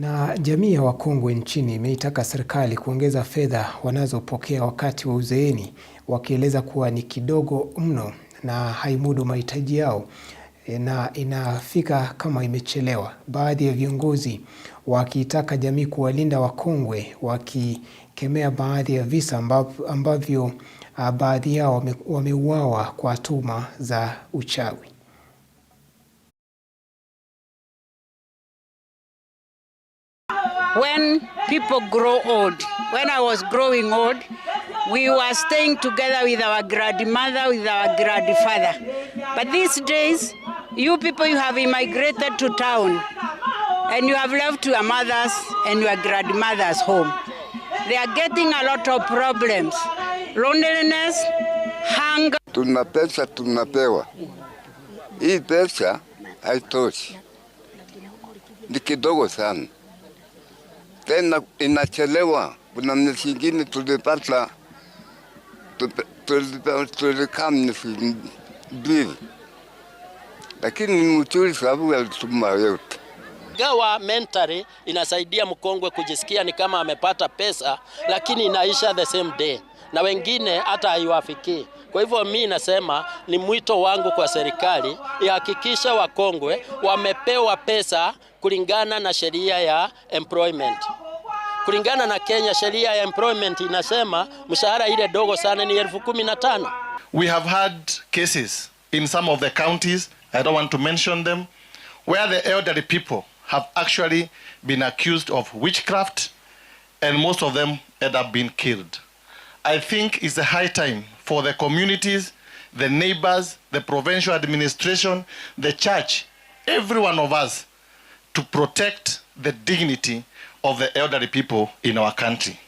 Na jamii ya wakongwe nchini imeitaka serikali kuongeza fedha wanazopokea wakati wa uzeeni, wakieleza kuwa ni kidogo mno na haimudu mahitaji yao e, na inafika kama imechelewa. Baadhi ya viongozi wakitaka jamii kuwalinda wakongwe, wakikemea baadhi ya visa ambavyo baadhi yao wameuawa kwa tuma za uchawi. when people grow old. When I was growing old, we were staying together with our grandmother, with our grandfather. But these days, you people, you have immigrated to town and you have left your mothers and your grandmothers home. They are getting a lot of problems. Loneliness, hunger. Tuna pesa tunapewa. Hii pesa haitoshi. Ni kidogo sana tena inachelewa. Kuna miezi ingine tulipata tulikaa miezi mbili, lakini ni mzuri sababu alituma yote gawa mentari inasaidia mkongwe kujisikia ni kama amepata pesa, lakini inaisha the same day na wengine hata haiwafikii. Kwa hivyo mi nasema ni mwito wangu kwa serikali ihakikisha wakongwe wamepewa pesa kulingana na sheria ya employment kulingana na Kenya sheria ya employment inasema mshahara ile dogo sana ni elfu kumi na tano. We have had cases in some of the counties, I don't want to mention them, where the elderly people have actually been accused of witchcraft and most of them end up being killed. I think it's a high time for the communities, the neighbors, the provincial administration, the church, every one of us to protect the dignity of the elderly people in our country.